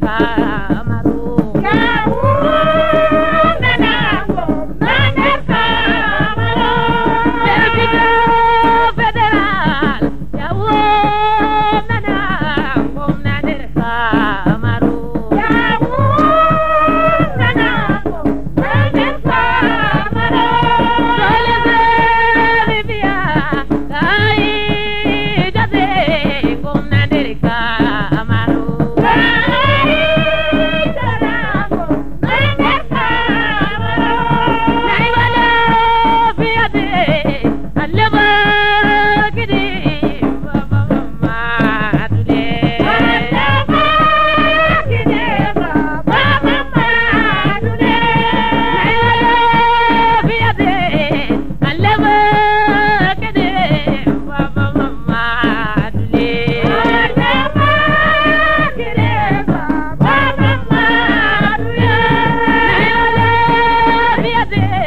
five.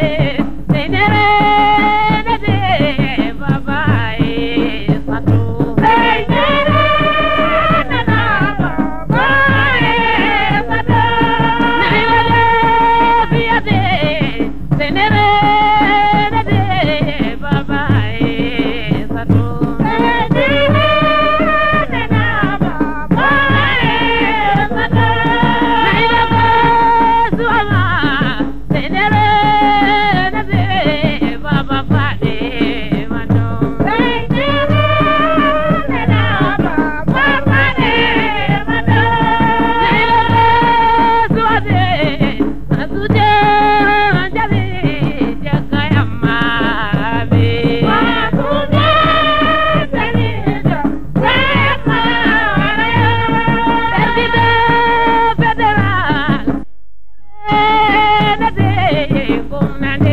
mujer.